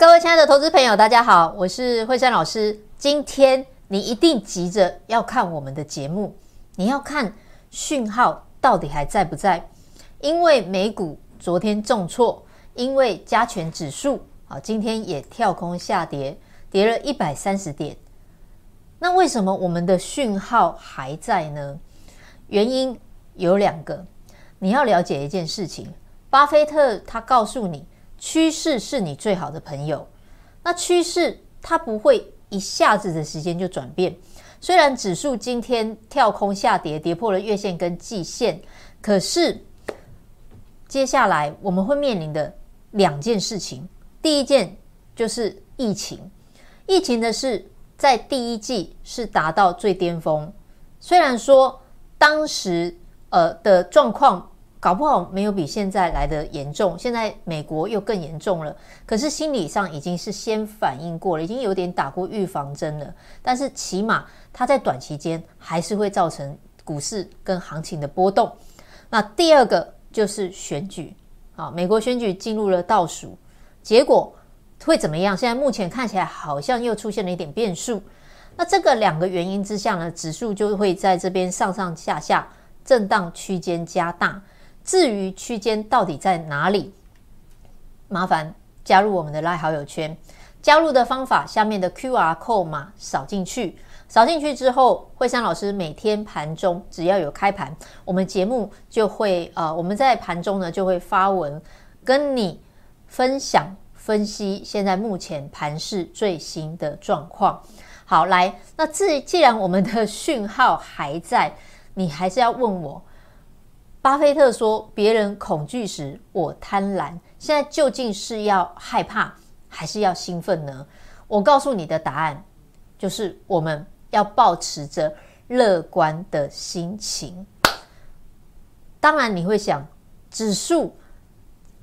各位親愛的投資朋友，大家好，我是惠珊老師。今天你一定急着要看我們的節目，你要看訊號到底還在不在？因為美股昨天重挫，因為加權指數啊，今天也跳空下跌，跌了一百三十點。那為什麼我們的訊號還在呢？原因有兩個。你要了解一件事情，巴菲特他告訴你。趨勢是你最好的朋友。那趨勢它不會一下子的時間就轉變。雖然指數今天跳空下跌，跌破了月線跟季線，可是接下來我們會面臨的兩件事情，第一件就是疫情。疫情的事在第一季是達到最巔峰。雖然說當時呃的狀況。搞不好沒有比現在來得嚴重，現在美國又更嚴重了。可是心理上已經是先反應過了，已經有點打過預防針了。但是起碼它在短期間還是會造成股市跟行情的波動。那第二個就是選舉啊，美國選舉進入了倒數，結果會怎麼樣？現在目前看起來好像又出現了一點變數。那這個兩個原因之下呢，指數就會在這邊上上下下震盪，區間加大。至於區間到底在哪裡？麻煩加入我們的賴好友圈，加入的方法，下面的 QR Code 碼掃進去，掃進去之後，惠珊老師每天盤中只要有開盤，我們節目就會呃，我們在盤中呢就會發文跟你分享分析現在目前盤勢最新的狀況。好，來，那自既然我們的訊號還在，你還是要問我。巴菲特說：“別人恐懼時，我貪婪。現在究竟是要害怕，還是要興奮呢？”我告訴你的答案，就是我們要保持着樂觀的心情。當然，你會想，指數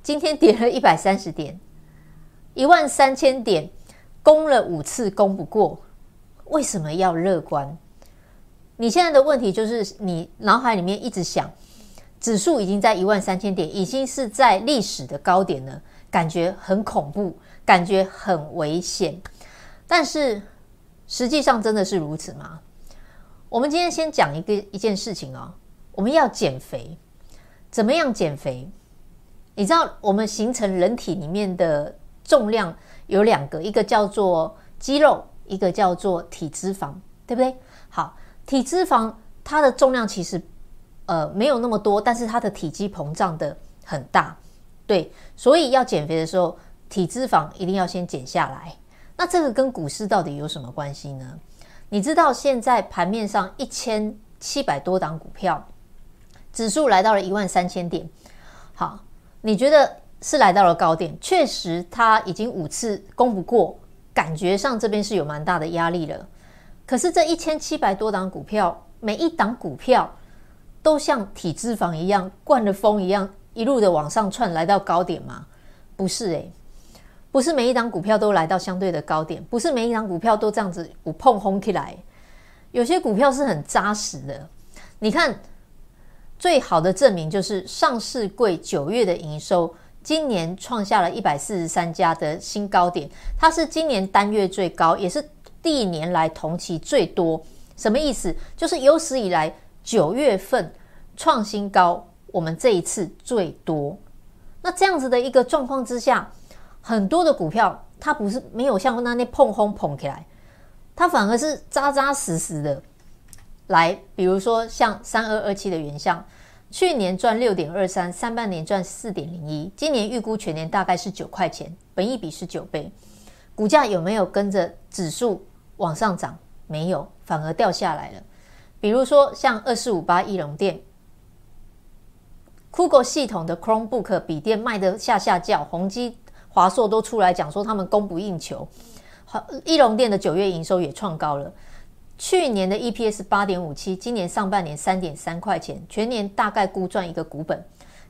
今天跌了一百三十點，一萬三千點攻了五次攻不過，為什麼要樂觀？你現在的問題就是你腦海裡面一直想。指數已經在一萬三千點，已經是在歷史的高點了，感覺很恐怖，感覺很危險。但是實際上真的是如此嗎？我們今天先講一個一件事情哦，我們要減肥，怎麼樣減肥？你知道我們形成人體裡面的重量有兩個，一個叫做肌肉，一個叫做體脂肪，對不對？好，體脂肪它的重量其實。呃，沒有那麼多，但是它的體積膨脹的很大，對，所以要減肥的時候，體脂肪一定要先減下來。那這個跟股市到底有什麼關係呢？你知道現在盤面上一千七百多檔股票，指數來到了一萬三千點，好，你覺得是來到了高點？確實，它已經五次攻不過，感覺上這邊是有蠻大的壓力了。可是這一千七百多檔股票，每一檔股票。都像體脂肪一樣，灌着風一樣，一路的往上竄，來到高點嗎？不是誒、欸，不是每一檔股票都來到相對的高點，不是每一檔股票都這樣子不碰轟起來。有些股票是很紮實的。你看，最好的證明就是上市櫃九月的營收，今年創下了一百四十三家的新高點，它是今年單月最高，也是歷年來同期最多。什麼意思？就是有史以來。九月份創新高，我們這一次最多。那這樣子的一個狀況之下，很多的股票它不是沒有像那那碰轟捧起來，它反而是扎扎實實的來。比如說像三二二七的原相，去年賺六點二三，上半年賺四點零一，今年預估全年大概是九塊錢，本益比是九倍，股價有沒有跟着指數往上漲？沒有，反而掉下來了。比如說，像二四五八義隆電，Google 系統的 Chromebook 筆電賣得嚇嚇叫，宏碁、華碩都出來講說他們供不應求。好，義隆電的九月營收也創高了，去年的 EPS 八點五七，今年上半年三點三塊錢，全年大概估賺一個股本。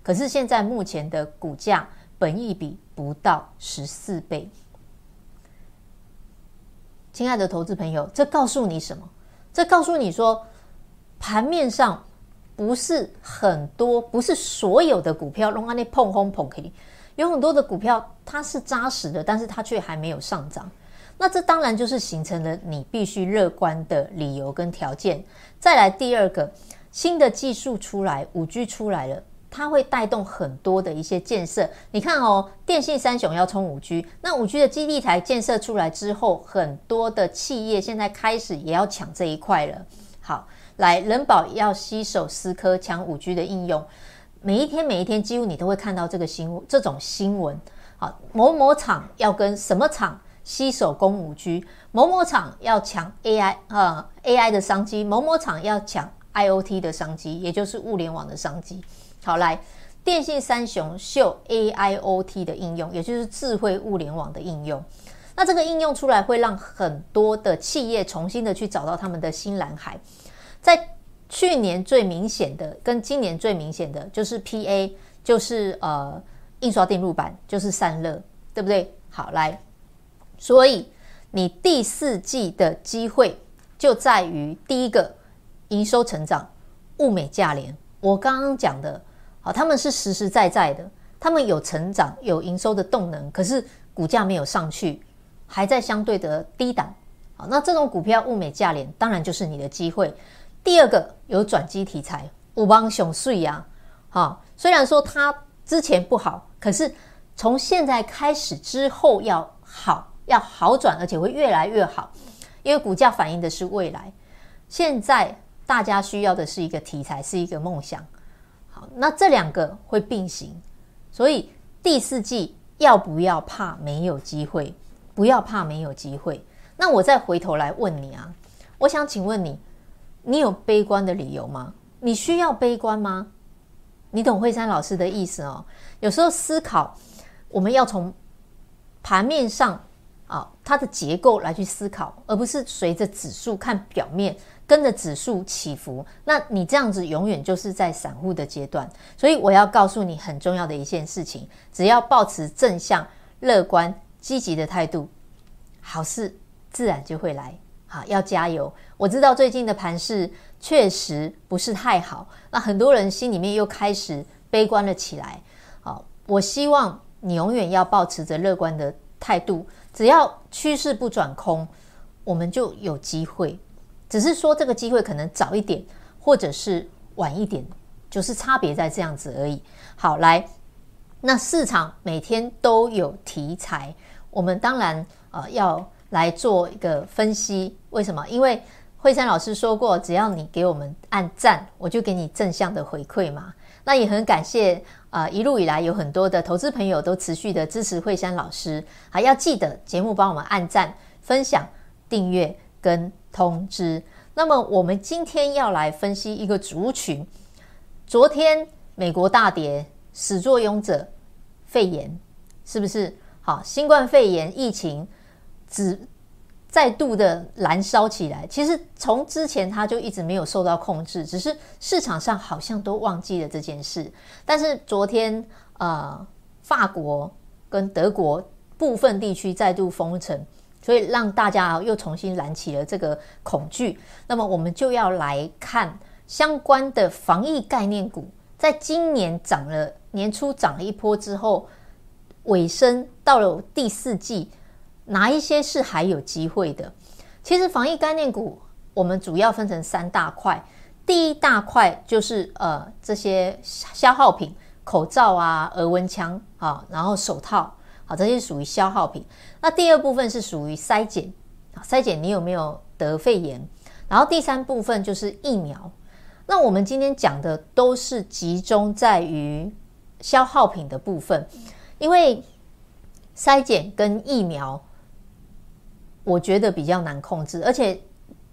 可是現在目前的股價本益比不到十四倍。親愛的投資朋友，這告訴你什麼？這告訴你說。盤面上不是很多，不是所有的股票碰碰，攏按呢碰轟碰，有很多的股票它是扎實的，但是它卻還沒有上漲。那這當然就是形成了你必須樂觀的理由跟條件。再來第二個，新的技術出來，五 G 出來了，它會帶動很多的一些建設。你看哦，電信三雄要衝五 G，那五 G 的基地台建設出來之後，很多的企業現在開始也要搶這一塊了。好。來，人保要攜手思科搶五 G 的應用，每一天每一天，幾乎你都會看到這個新這種新聞。好，某某廠要跟什麼廠攜手攻五 G，某某廠要搶 AI 啊、嗯、AI 的商機，某某廠要搶 IOT 的商機，也就是物聯網的商機。好，來，電信三雄秀 AIOT 的應用，也就是智慧物聯網的應用。那這個應用出來，會讓很多的企業重新的去找到他們的新藍海。在去年最明顯的，跟今年最明顯的，就是 PA，就是呃印刷電路板，就是散熱，對不對？好，來，所以你第四季的機會就在於第一個營收成長，物美價廉。我剛剛講的，好，他們是實實在在的，他們有成長，有營收的動能，可是股價沒有上去，還在相對的低檔。好，那這種股票物美價廉，當然就是你的機會。第二個有轉機題材，五幫熊塑呀，好、哦，雖然說它之前不好，可是從現在開始之後要好，要好轉，而且會越來越好，因為股價反映的是未來。現在大家需要的是一個題材，是一個夢想。好，那這兩個會並行，所以第四季要不要怕沒有機會？不要怕沒有機會。那我再回頭來問你啊，我想請問你。你有悲觀的理由嗎？你需要悲觀嗎？你懂惠珊老師的意思哦。有時候思考，我們要從盤面上啊、哦、它的結構來去思考，而不是隨着指數看表面，跟着指數起伏。那你這樣子永遠就是在散戶的階段。所以我要告訴你很重要的一件事情：只要保持正向、樂觀、積極的態度，好事自然就會來。好、啊，要加油！我知道最近的盤勢確實不是太好，那很多人心裡面又開始悲觀了起來。好、啊，我希望你永遠要保持着樂觀的態度，只要趨勢不轉空，我們就有機會。只是說這個機會可能早一點，或者是晚一點，就是差別在這樣子而已。好，來，那市場每天都有題材，我們當然呃、啊、要。來做一個分析，為什麼？因為惠珊老師說過，只要你給我們按讚，我就給你正向的回饋嘛。那也很感謝啊、呃，一路以來有很多的投資朋友都持續的支持惠珊老師啊。還要記得節目幫我們按讚、分享、訂閱跟通知。那麼我們今天要來分析一個族群，昨天美國大跌，始作俑者肺炎是不是？好，新冠肺炎疫情。只再度的燃燒起來。其實從之前它就一直沒有受到控制，只是市場上好像都忘記了這件事。但是昨天呃，法國跟德國部分地區再度封城，所以讓大家又重新燃起了這個恐懼。那麼我們就要來看相關的防疫概念股，在今年漲了、年初漲了一波之後，尾聲到了第四季。哪一些是還有機會的？其實防疫概念股，我們主要分成三大塊。第一大塊就是呃這些消耗品，口罩啊、額溫槍啊，然後手套，好、啊，這些屬於消耗品。那第二部分是屬於篩檢、啊、篩檢你有沒有得肺炎。然後第三部分就是疫苗。那我們今天講的都是集中在於消耗品的部分，因為篩檢跟疫苗。我覺得比較難控制，而且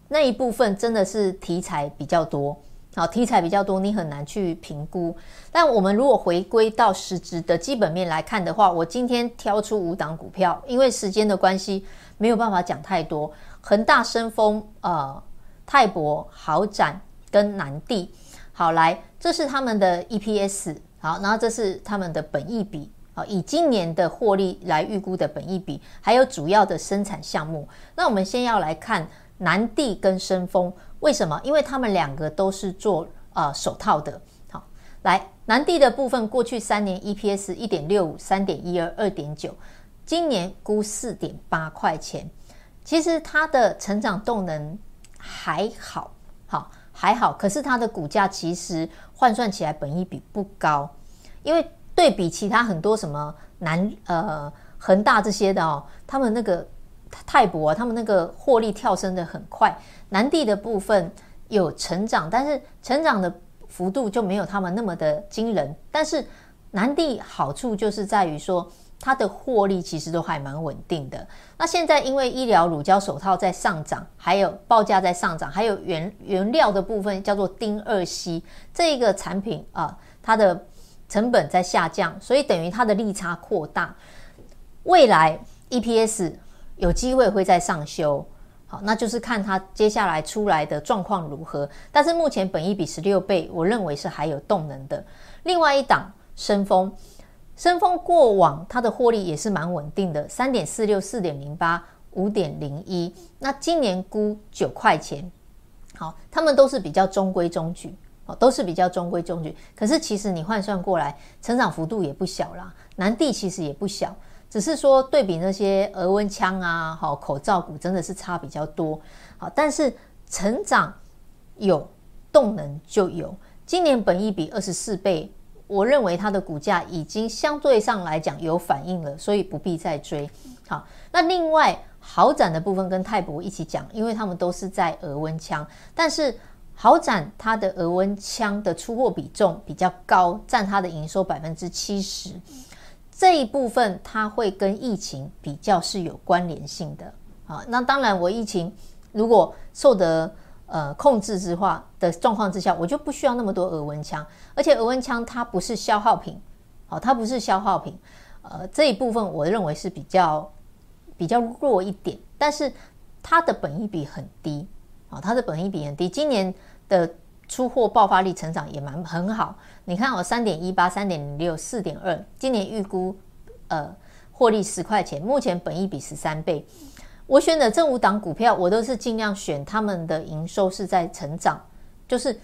那一部分真的是題材比較多，好，題材比較多，你很難去評估。但我們如果回歸到實質的基本面來看的話，我今天挑出五檔股票，因為時間的關係沒有辦法講太多。恆大、申豐、呃、泰博、豪展跟南帝。好，來，這是他們的 EPS，好，然後這是他們的本益比。以今年的獲利來預估的本益比，還有主要的生產項目。那我們先要來看南帝跟申豐，為什麼？因為他們兩個都是做呃手套的。好，來，南帝的部分，過去三年 EPS 一點六五、三點一二、二點九，今年估四點八塊錢。其實它的成長動能還好，好還好，可是它的股價其實換算起來本益比不高，因為。對比其他很多什麼南呃恆大這些的哦，他們那個泰博啊，他們那個獲利跳升得很快。南地的部分有成長，但是成長的幅度就沒有他們那麼的驚人。但是南地好處就是在於說，它的獲利其實都還蠻穩定的。那現在因為醫療乳膠手套在上漲，還有報價在上漲，還有原原料的部分叫做丁二烯這一個產品啊，它的。成本在下降，所以等於它的利差擴大。未來 EPS 有機會會再上修，好，那就是看它接下來出來的狀況如何。但是目前本益比十六倍，我認為是還有動能的。另外一檔生風，生風過往它的獲利也是蠻穩定的，三點四六、四點零八、五點零一。那今年估九塊錢，好，他們都是比較中規中矩。都是比較中規中矩，可是其實你換算過來，成長幅度也不小啦。南帝其實也不小，只是說對比那些額溫槍啊、口罩股，真的是差比較多。好，但是成長有動能就有，今年本益比二十四倍，我認為它的股價已經相對上來講有反應了，所以不必再追。好，那另外豪展的部分跟泰博一起講，因為他們都是在額溫槍，但是。豪展它的額溫槍的出貨比重比較高，佔它的營收百分之七十。這一部分它會跟疫情比較是有關聯性的啊。那當然，我疫情如果受得呃控制之話的狀況之下，我就不需要那麼多額溫槍，而且額溫槍它不是消耗品，好，它不是消耗品。呃，這一部分我認為是比較比較弱一點，但是它的本益比很低。啊，它、哦、的本益比很低，今年的出貨爆發力成長也蠻很好。你看、哦，我三點一八、三點零六、四點二，今年預估呃獲利十塊錢，目前本益比十三倍。我選的這五檔股票，我都是盡量選他們的營收是在成長，就是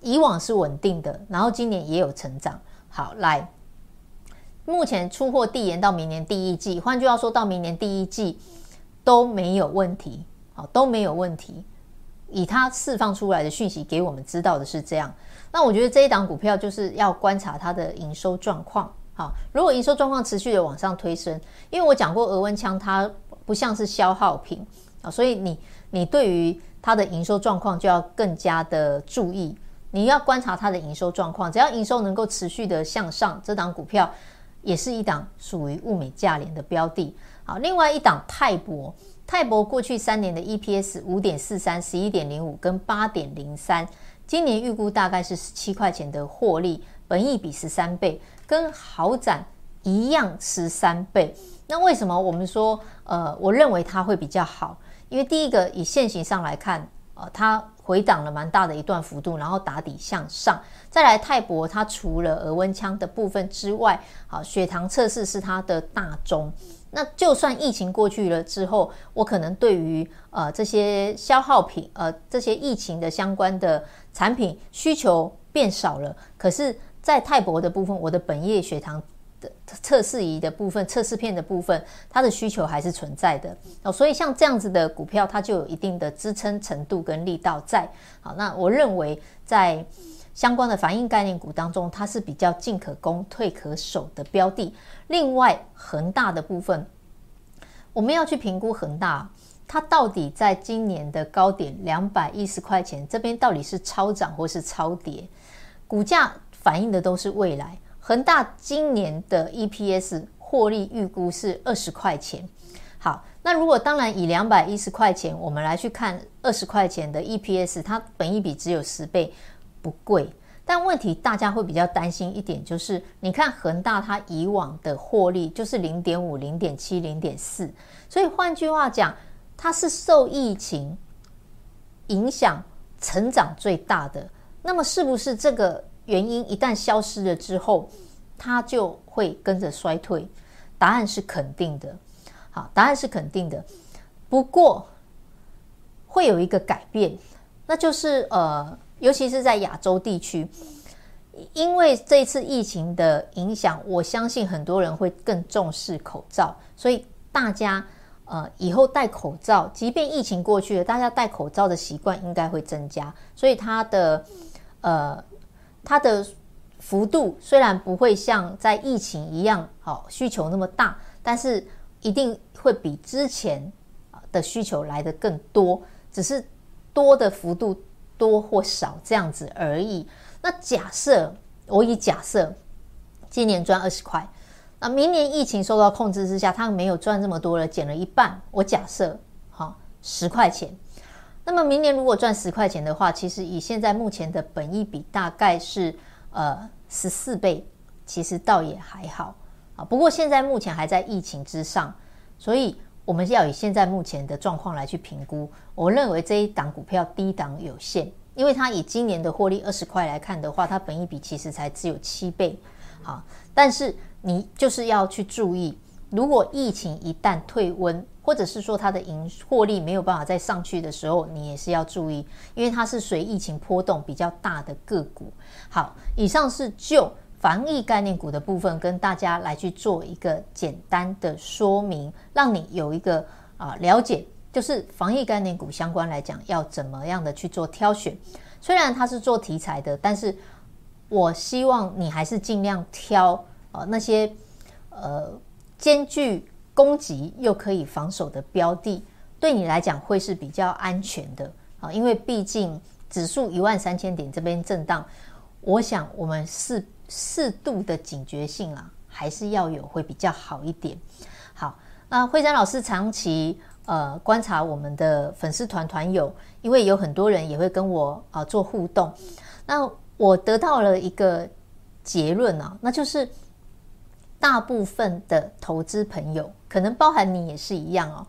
以往是穩定的，然後今年也有成長。好，來，目前出貨遞延到明年第一季，換句話說，到明年第一季都沒有問題，好、哦、都沒有問題。以它釋放出來的訊息給我們知道的是這樣，那我覺得這一檔股票就是要觀察它的營收狀況。好、啊，如果營收狀況持續的往上推升，因為我講過額溫槍它不像是消耗品啊，所以你你對於它的營收狀況就要更加的注意。你要觀察它的營收狀況，只要營收能夠持續的向上，這檔股票也是一檔屬於物美價廉的標的。好、啊，另外一檔泰博。泰博過去三年的 EPS 五點四三、十一點零五跟八點零三，今年預估大概是十七塊錢的獲利，本益比十三倍，跟豪展一樣十三倍。那為什麼我們說，呃，我認為它會比較好？因為第一個，以線形上來看，呃，它回檔了蠻大的一段幅度，然後打底向上。再來，泰博它除了額溫槍的部分之外，啊，血糖測試是它的大宗。那就算疫情過去了之後，我可能對於呃這些消耗品，呃這些疫情的相關的產品需求變少了，可是，在泰博的部分，我的本業血糖的測試儀的部分、測試片的部分，它的需求還是存在的。哦，所以像這樣子的股票，它就有一定的支撐程度跟力道在。好，那我認為在。相關的防疫概念股當中，它是比較進可攻、退可守的標的。另外，恆大的部分，我們要去評估恆大，它到底在今年的高點兩百一十塊錢這邊到底是超漲或是超跌？股價反映的都是未來。恆大今年的 EPS 獲利預估是二十塊錢。好，那如果當然以兩百一十塊錢我們來去看二十塊錢的 EPS，它本益比只有十倍。不貴，但問題大家會比較擔心一點，就是你看恆大它以往的獲利就是零點五、零點七、零點四，所以換句話講，它是受疫情影響成長最大的。那麼是不是這個原因一旦消失了之後，它就會跟着衰退？答案是肯定的。好，答案是肯定的。不過會有一個改變，那就是呃。尤其是在亞洲地區，因為這次疫情的影響，我相信很多人會更重視口罩，所以大家呃以後戴口罩，即便疫情過去了，大家戴口罩的習慣應該會增加，所以它的呃它的幅度雖然不會像在疫情一樣好，哦、需求那麼大，但是一定會比之前的需求來得更多，只是多的幅度，多或少這樣子而已。那假設我以假設今年賺二十塊，那、啊、明年疫情受到控制之下，他們沒有賺這麼多了，減了一半，我假設好十塊錢。那麼明年如果賺十塊錢的話，其實以現在目前的本益比大概是呃十四倍，其實倒也還好啊。不過現在目前還在疫情之上，所以。我們要以現在目前的狀況來去評估，我認為這一檔股票低檔有限，因為它以今年的獲利二十塊來看的話，它本益比其實才只有七倍，好，但是你就是要去注意，如果疫情一旦退溫，或者是說它的盈獲利沒有辦法再上去的時候，你也是要注意，因為它是隨疫情波動比較大的個股。好，以上是就。防疫概念股的部分，跟大家來去做一個簡單的說明，讓你有一個啊了解，就是防疫概念股相關來講，要怎麼樣的去做挑選。雖然它是做題材的，但是我希望你還是盡量挑啊那些呃兼具攻擊又可以防守的標的，對你來講會是比較安全的啊。因為畢竟指數一萬三千點這邊震盪，我想我們是。適度的警覺性啊，還是要有，會比較好一點。好，那惠珊老師長期呃觀察我們的粉絲團團友，因為有很多人也會跟我啊、呃、做互動，那我得到了一個結論啊，那就是大部分的投資朋友，可能包含你也是一樣哦、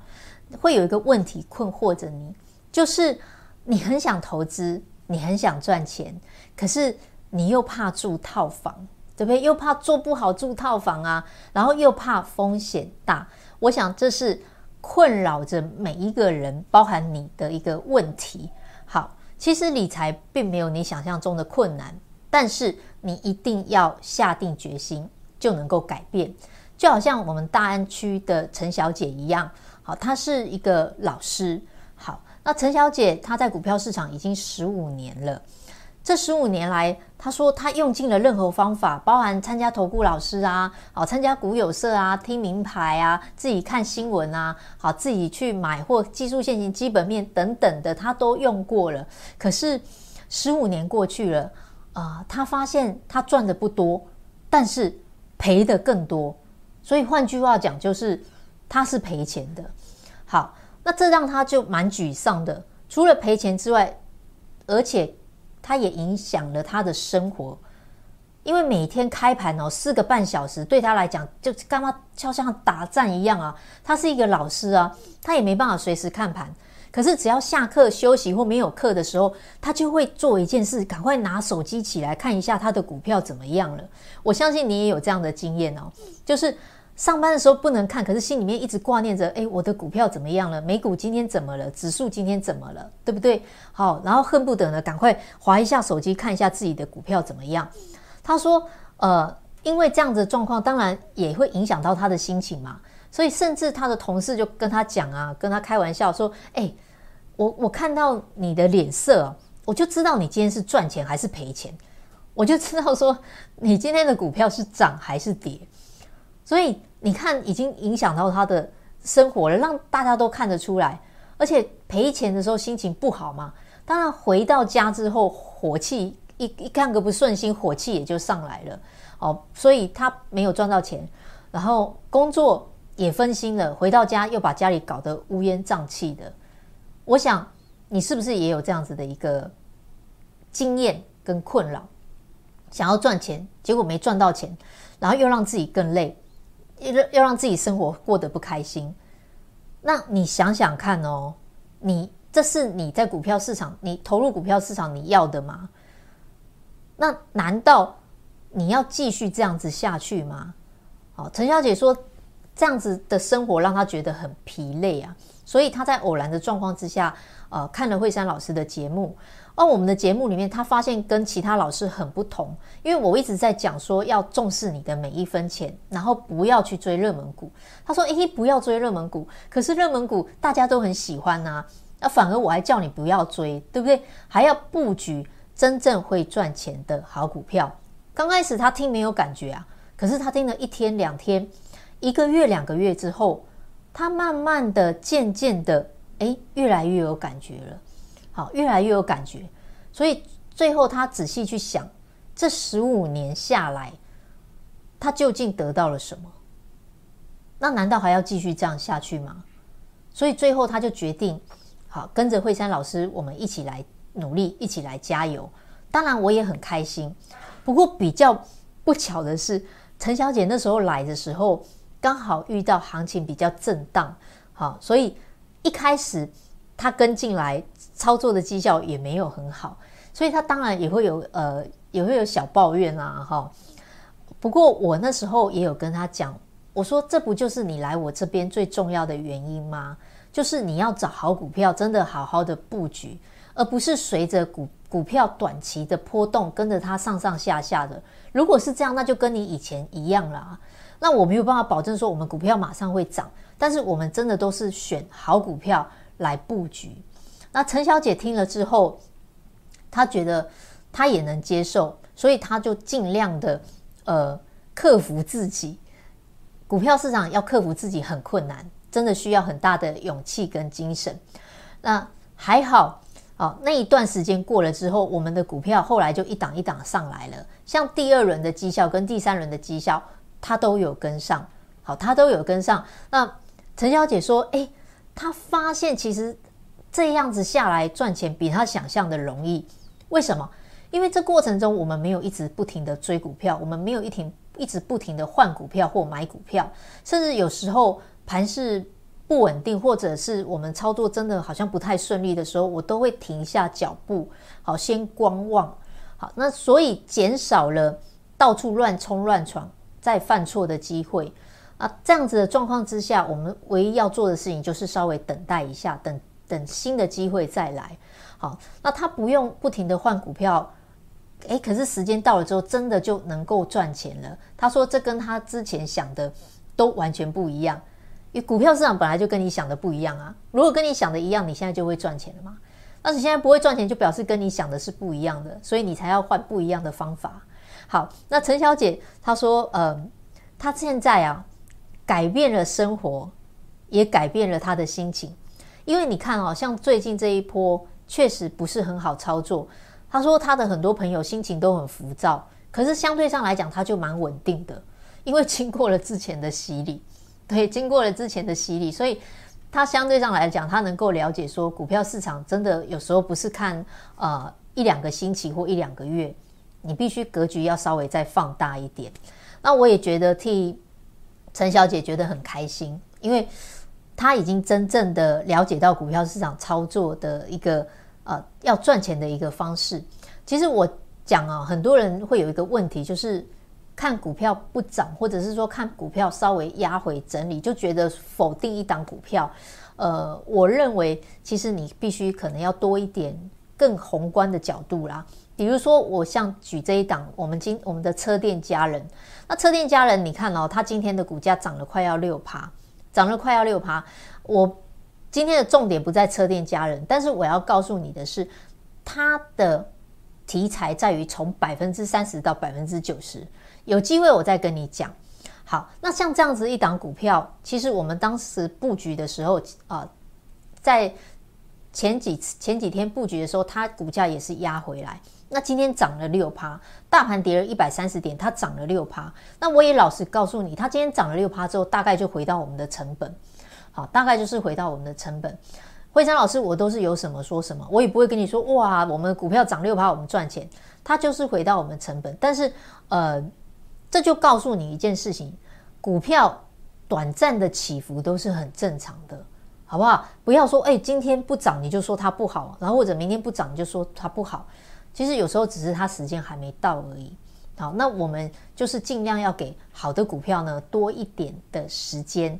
啊，會有一個問題困惑着你，就是你很想投資，你很想賺錢，可是。你又怕住套房，對不對？又怕做不好住套房啊，然後又怕風險大。我想這是困擾着每一個人，包含你的一個問題。好，其實理財並沒有你想象中的困難，但是你一定要下定決心，就能夠改變。就好像我們大安區的陳小姐一樣，好，她是一個老師。好，那陳小姐她在股票市場已經十五年了。這十五年來，他說他用盡了任何方法，包含參加投顧老師啊，好參加股友社啊，聽名牌啊，自己看新聞啊，好自己去買或技術現行基本面等等的，他都用過了。可是十五年過去了，啊、呃，他發現他賺的不多，但是賠的更多。所以換句話講，就是他是賠錢的。好，那這讓他就蠻沮喪的。除了賠錢之外，而且。他也影響了他的生活，因為每天開盤哦四個半小時，對他來講就幹嘛，就像打仗一樣啊。他是一個老師啊，他也沒辦法隨時看盤，可是只要下課休息或沒有課的時候，他就會做一件事，趕快拿手機起來看一下他的股票怎麼樣了。我相信你也有這樣的經驗哦，就是。上班的時候不能看，可是心裡面一直掛念着，誒，我的股票怎麼樣了？美股今天怎麼了？指數今天怎麼了？對不對？好，然後恨不得呢，趕快滑一下手機，看一下自己的股票怎麼樣。他說，呃，因為這樣的狀況，當然也會影響到他的心情嘛。所以，甚至他的同事就跟他講啊，跟他開玩笑說，誒，我我看到你的臉色啊，我就知道你今天是賺錢還是賠錢，我就知道說你今天的股票是漲還是跌。所以你看，已經影響到他的生活了，讓大家都看得出來。而且賠錢的時候心情不好嘛，當然回到家之後火氣一一看個不順心，火氣也就上來了。哦，所以他沒有賺到錢，然後工作也分心了，回到家又把家裡搞得烏煙瘴氣的。我想你是不是也有這樣子的一個經驗跟困擾？想要賺錢，結果沒賺到錢，然後又讓自己更累。要讓自己生活過得不開心，那你想想看哦，你這是你在股票市場，你投入股票市場，你要的嗎？那難道你要繼續這樣子下去嗎？哦，陳小姐說，這樣子的生活讓她覺得很疲累啊，所以她在偶然的狀況之下，呃，看了惠珊老師的節目。哦，我們的節目裡面，他發現跟其他老師很不同，因為我一直在講說要重視你的每一分錢，然後不要去追熱門股。他說：“誒，不要追熱門股，可是熱門股大家都很喜歡吶、啊，那反而我還叫你不要追，對不對？還要布局真正會賺錢的好股票。剛開始他聽沒有感覺啊，可是他聽了一天、兩天、一個月、兩個月之後，他慢慢的、漸漸的，誒，越來越有感覺了。”好，越來越有感覺，所以最後他仔細去想，這十五年下來，他究竟得到了什麼？那難道還要繼續這樣下去嗎？所以最後他就決定，好，跟着惠珊老師，我們一起來努力，一起來加油。當然我也很開心，不過比較不巧的是，陳小姐那時候來的時候，剛好遇到行情比較震盪，好，所以一開始她跟進來。操作的績效也沒有很好，所以他當然也會有呃，也會有小抱怨啊哈。不過我那時候也有跟他講，我說這不就是你來我這邊最重要的原因嗎？就是你要找好股票，真的好好的布局，而不是隨着股股票短期的波動，跟着它上上下下的。如果是這樣，那就跟你以前一樣了。那我沒有辦法保證說我們股票馬上會漲，但是我們真的都是選好股票來布局。那陳小姐聽了之後，她覺得她也能接受，所以她就盡量的呃克服自己。股票市場要克服自己很困難，真的需要很大的勇氣跟精神。那還好啊，哦，那一段時間過了之後，我們的股票後來就一檔一檔上來了。像第二輪的績效跟第三輪的績效，她都有跟上，好，她都有跟上。那陳小姐說：“誒，她發現其實。”這樣子下來賺錢比他想象的容易，為什麼？因為這過程中我們沒有一直不停的追股票，我們沒有一停一直不停的換股票或買股票，甚至有時候盤勢不穩定或者是我們操作真的好像不太順利的時候，我都會停下腳步，好，先觀望，好，那所以減少了到處亂衝亂闖再犯錯的機會啊。這樣子的狀況之下，我們唯一要做的事情就是稍微等待一下，等。等新的機會再來，好，那他不用不停的換股票，誒，可是時間到了之後，真的就能夠賺錢了。他說，這跟他之前想的都完全不一樣。因為股票市場本來就跟你想的不一樣啊，如果跟你想的一樣，你現在就會賺錢了嘛。但是現在不會賺錢，就表示跟你想的是不一樣的，所以你才要換不一樣的方法。好，那陳小姐她說，嗯、呃，她現在啊，改變了生活，也改變了她的心情。因為你看哦，像最近這一波確實不是很好操作。他說他的很多朋友心情都很浮躁，可是相對上來講他就蠻穩定的，因為經過了之前的洗禮。對，經過了之前的洗禮，所以他相對上來講他能夠了解說股票市場真的有時候不是看呃一兩個星期或一兩個月，你必須格局要稍微再放大一點。那我也覺得替陳小姐覺得很開心，因為。他已經真正的了解到股票市場操作的一個呃要賺錢的一個方式。其實我講啊，很多人會有一個問題，就是看股票不漲，或者是說看股票稍微壓回整理，就覺得否定一檔股票。呃，我認為其實你必須可能要多一點更宏觀的角度啦。比如說，我像舉這一檔，我們今我們的車店家人，那車店家人，你看哦，他今天的股價漲了快要六趴。漲了快要六趴，我今天的重點不在車店家人，但是我要告訴你的是，它的題材在於從百分之三十到百分之九十，有機會我再跟你講。好，那像這樣子一檔股票，其實我們當時布局的時候啊、呃，在前幾前幾天布局的時候，它股價也是壓回來。那今天漲了六趴，大盤跌了一百三十點，它漲了六趴。那我也老實告訴你，它今天漲了六趴之後，大概就回到我們的成本。好，大概就是回到我們的成本。惠珊老師，我都是有什麼說什麼，我也不會跟你說哇，我們股票漲六趴，我們賺錢。它就是回到我們成本。但是，呃，這就告訴你一件事情：股票短暫的起伏都是很正常的，好不好？不要說誒，今天不漲你就說它不好，然後或者明天不漲你就說它不好。其實有時候只是它時間還沒到而已。好，那我們就是盡量要給好的股票呢，多一點的時間，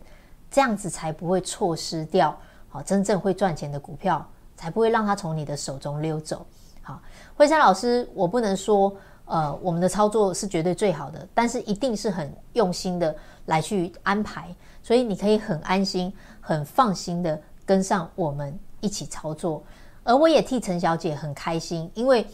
這樣子才不會錯失掉好、哦、真正會賺錢的股票，才不會讓它從你的手中溜走。好，惠珊老師，我不能說呃我們的操作是絕對最好的，但是一定是很用心的來去安排，所以你可以很安心、很放心的跟上我們一起操作。而我也替陳小姐很開心，因為。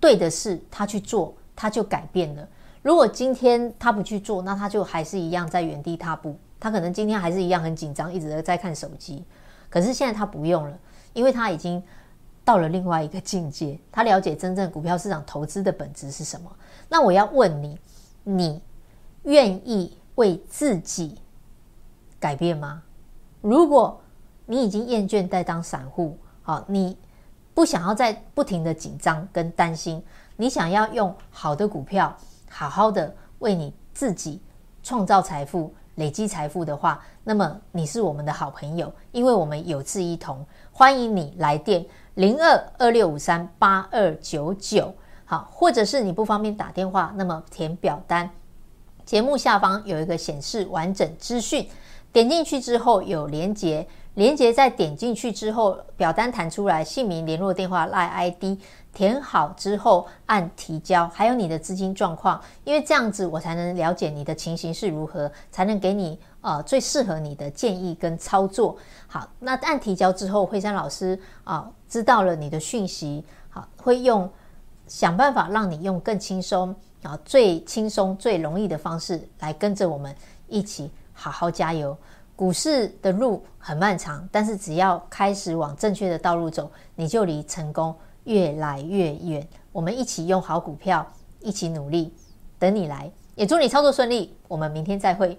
對的事，他去做，他就改變了。如果今天他不去做，那他就還是一樣在原地踏步。他可能今天還是一樣很緊張，一直在看手機。可是現在他不用了，因為他已經到了另外一個境界。他了解真正股票市場投資的本質是什麼。那我要問你，你願意為自己改變嗎？如果你已經厭倦在當散戶，好，你。不想要再不停的緊張跟擔心，你想要用好的股票好好的為你自己創造財富、累積財富的話，那麼你是我們的好朋友，因為我們有志一同，歡迎你來電零二二六五三八二九九，好，或者是你不方便打電話，那麼填表單，節目下方有一個顯示完整資訊，點進去之後有連接。連接在點進去之後，表單彈出來，姓名、聯絡電話、LINE ID，填好之後按提交，還有你的資金狀況，因為這樣子我才能了解你的情形是如何，才能給你呃最適合你的建議跟操作。好，那按提交之後，惠珊老師啊、呃、知道了你的訊息，好、呃、會用想辦法讓你用更輕鬆啊、呃、最輕鬆最容易的方式來跟着我們一起好好加油。股市的路很漫長，但是只要開始往正確的道路走，你就離成功越來越遠。我們一起用好股票，一起努力，等你來。也祝你操作順利，我們明天再會。